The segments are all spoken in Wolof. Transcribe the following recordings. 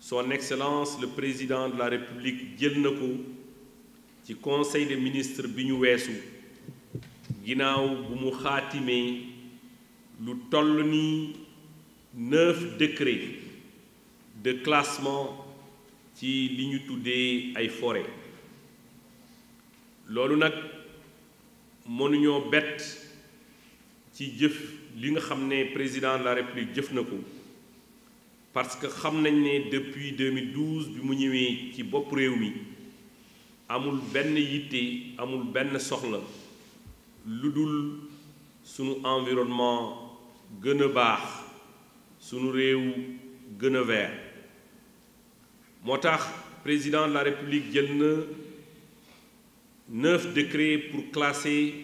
son excellence le président de la république jël du conseil des ministres biñu ñu ginaaw nous bu mu lu neuf décrets de classement qui liñu tuddé tuddee ay forêt loolu nag mënuñoo bet ci jëf li président de la république jëf parce que xam nañ ne depuis 2012 bi mu ñëwee ci bopp réew mi amul benn yitte amul benn soxla lu dul sunu environnement gën a baax sunu réew gën a vert moo président de la république jël na neuf décrets pour classer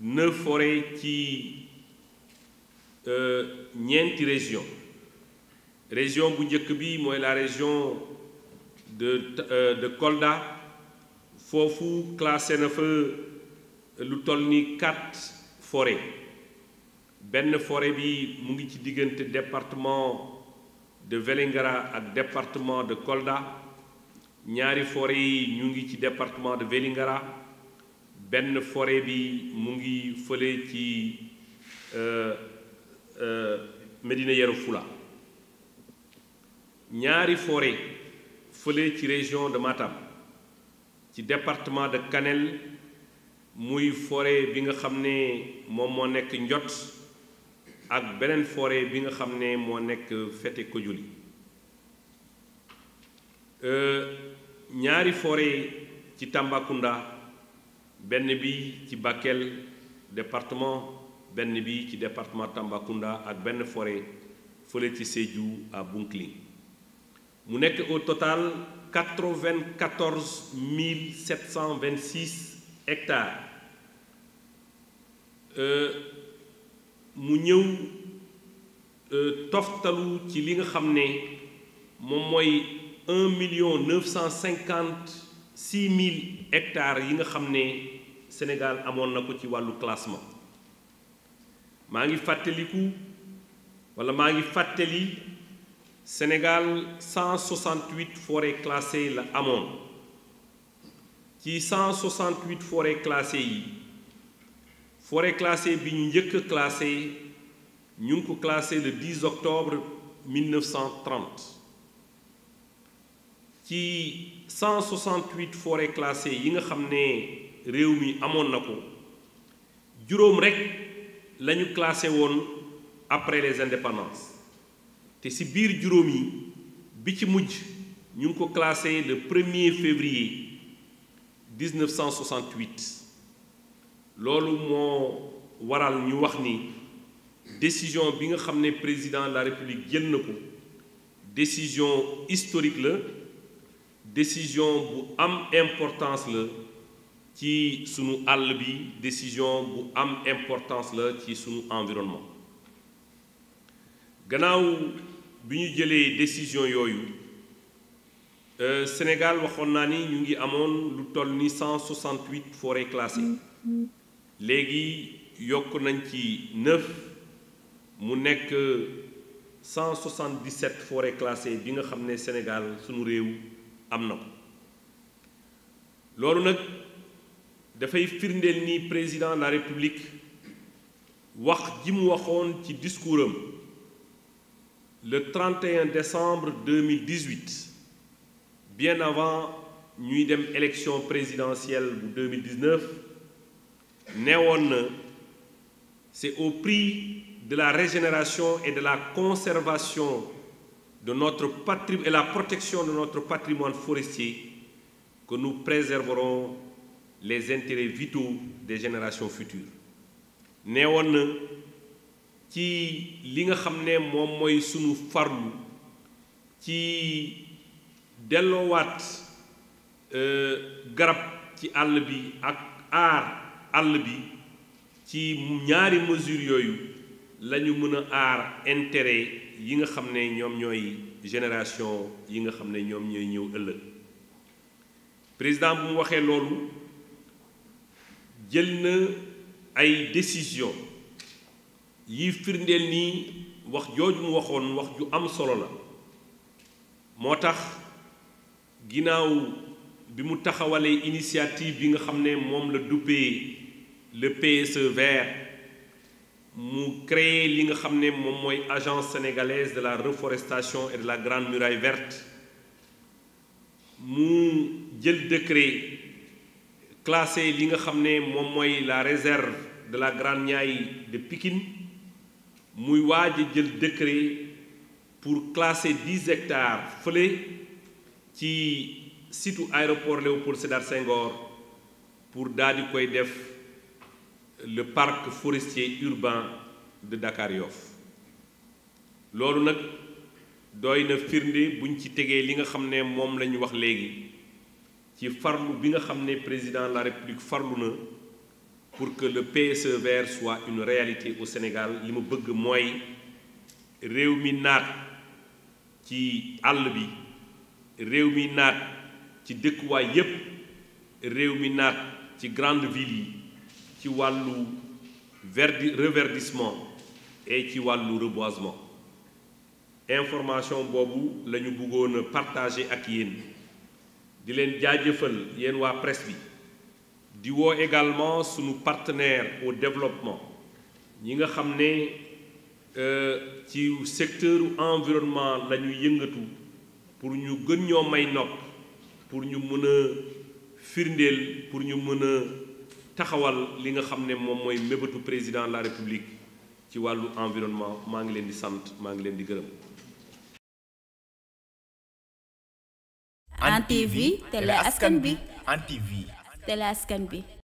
neuf forêts ci euh, ñeenti régions région bu moi, la région de euh, de Kolda fofu classé na fa lu toll ni quatre forêt benn forêt bi département de Velingara ak département de Kolda ñaari forêt yi ñu ngi département de Velingara Ben forêt bi mu ngi fële ci euh, euh, Médina ñaari forêt fële ci région de Matam ci département de Canel, muy forêt bi nga xamné mom mo nek nekk ak benen forêt bi nga Fete euh ñaari forêt ci Tambakunda benn bi ci Bakel département benn bi ci département Tambacounda ak benn forêt fële ci Sédiou à bunkling mu nekk au total 94 726 hectares euh, mu ñëw euh, toftalu ci li 1 956 000 hectares yi nga Sénégal amoon na ko classement maa ngi fàttaliku maa ngi Sénégal 168 forêts classées la Qui 168 forêts classées Forêts classées classée bi ñu njëkk classées classé le 10 octobre 1930 Qui 168 forêts classées yi nga xam ne réew mi amoon na après les indépendances te si biir juróom yi bi ci classé le 1er février 1968 loolu moo waral ñu wax décision bi nga président de la république jël décision historique la décision bu am importance le ci sunu àll bi décision bu am importance est ci sunu environnement gannaaw avons pris jëlee décision yooyu euh, Sénégal waxoon naa ñu ngi lu toll ni 168 forêts classées. léegi yokk nañ ci 9 mu nekk 177 forêts classées bi nga xam le Sénégal sunu réew am na ko loolu ni président de la République wax ji mu waxoon ci discours le 31 décembre 2018 bien avant nuit présidentielle 2019 néon, c'est au prix de la régénération et de la conservation de notre patrimoine et la protection de notre patrimoine forestier que nous préserverons les intérêts vitaux des générations futures néon ci li nga xam ne moom mooy suñu farlu ci delloowaat euh, garab ci àll bi ak aar àll bi ci ñaari mesure yooyu lañu mën a aar intérêt yi nga xam ne ñoom ñooy génération yi nga xam ne ñoom ñooy ñëw ëllëg président bu mu waxee loolu jël na ay décision yi firndeel ni, wax jooju mu waxoon wax ju am solo la moo tax ginnaaw bi mu taxawalee initiative bi nga xam ne moom la le PSE vert mu créer li nga xam ne moom agence sénégalaise de la reforestation et de la grande muraille verte mu jël décret classé li nga xam ne moom la réserve de la grande Niaye de Pikine muy waaj jël décret pour classer dix hectares fële ci situ aéroport Léopold Sédar Senghor pour daal di koy def le parc forestier urbain de Dakar Yoff loolu nag doy na firnde buñ ci tegee li nga xam ne moom la ñu wax léegi ci farlu bi nga xam ne président de la république farlu na pour que le PSE vert soit une réalité au Sénégal li ma bëgg mooy réew mi naat ci qui bi réew mi naat ci dëkkuwaay ci grande ville ci reverdissement et ci le reboisement information bobu lañu bëggone partager ak yeen di len jaajëfal yeen wa presse bi di également, également sunu partenaire au développement ñi nga xam euh, secteur environnement la yëngatu pour nous gën ñoo may nopp pour nous mën pour ñu taxawal li nga président de la république ci wàllu environnement maa ngi télé askan the last can be.